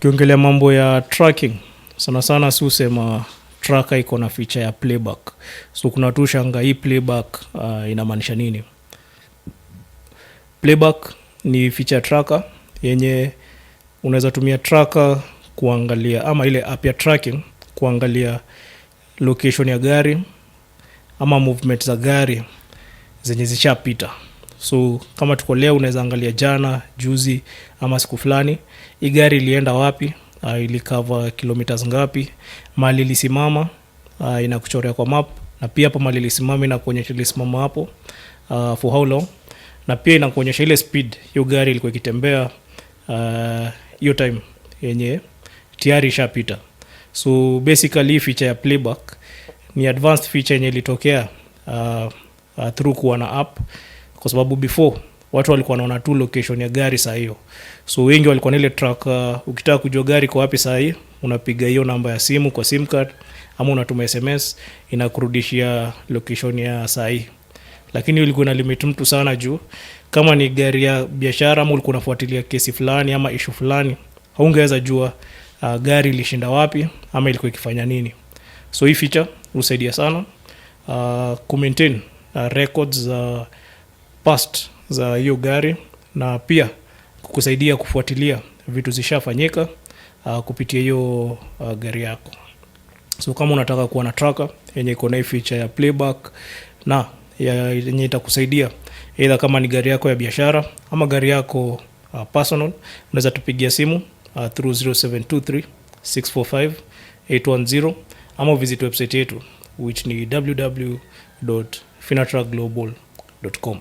Tukiongelea mambo ya tracking sana sana, si usema trak iko na ficha ya playback, so kuna tu shanga hii playback uh, inamaanisha nini? Playback ni ficha ya traka yenye unaweza tumia traka kuangalia ama ile app ya tracking kuangalia location ya gari ama movement za gari zenye zishapita. So kama tuko leo, unaweza angalia jana, juzi ama siku fulani, hii gari ilienda wapi, uh, ah, ilikava kilomita ngapi, mali ilisimama, uh, inakuchorea kwa map, na pia hapo mali ilisimama inakuonyesha ilisimama hapo uh, for how long, na pia inakuonyesha ile speed hiyo gari ilikuwa ikitembea hiyo uh, time yenye tayari ishapita. So basically hii feature ya playback ni advanced feature yenye ilitokea uh, uh, through kuwa na app kwa sababu before watu walikuwa naona tu location ya gari saa hiyo, so wengi walikuwa na ile truck Uh, ukitaka kujua gari kwa wapi saa hii, unapiga hiyo namba ya simu kwa sim card ama unatuma SMS inakurudishia location ya saa hii, lakini ulikuwa na limit mtu sana juu kama ni gari ya biashara ama ulikuwa unafuatilia kesi fulani ama issue fulani, haungeweza jua uh, gari ilishinda wapi ama ilikuwa ikifanya nini. So hii feature husaidia sana uh, ku maintain uh, records uh, past za hiyo gari na pia kukusaidia kufuatilia vitu zishafanyika uh, kupitia hiyo uh, gari yako. So kama unataka kuwa na traka yenye iko na feature ya playback na yenye itakusaidia eidha kama ni gari yako ya biashara ama gari yako uh, personal, unaweza tupigia simu uh, through 0723 810 ama visit website yetu which ni com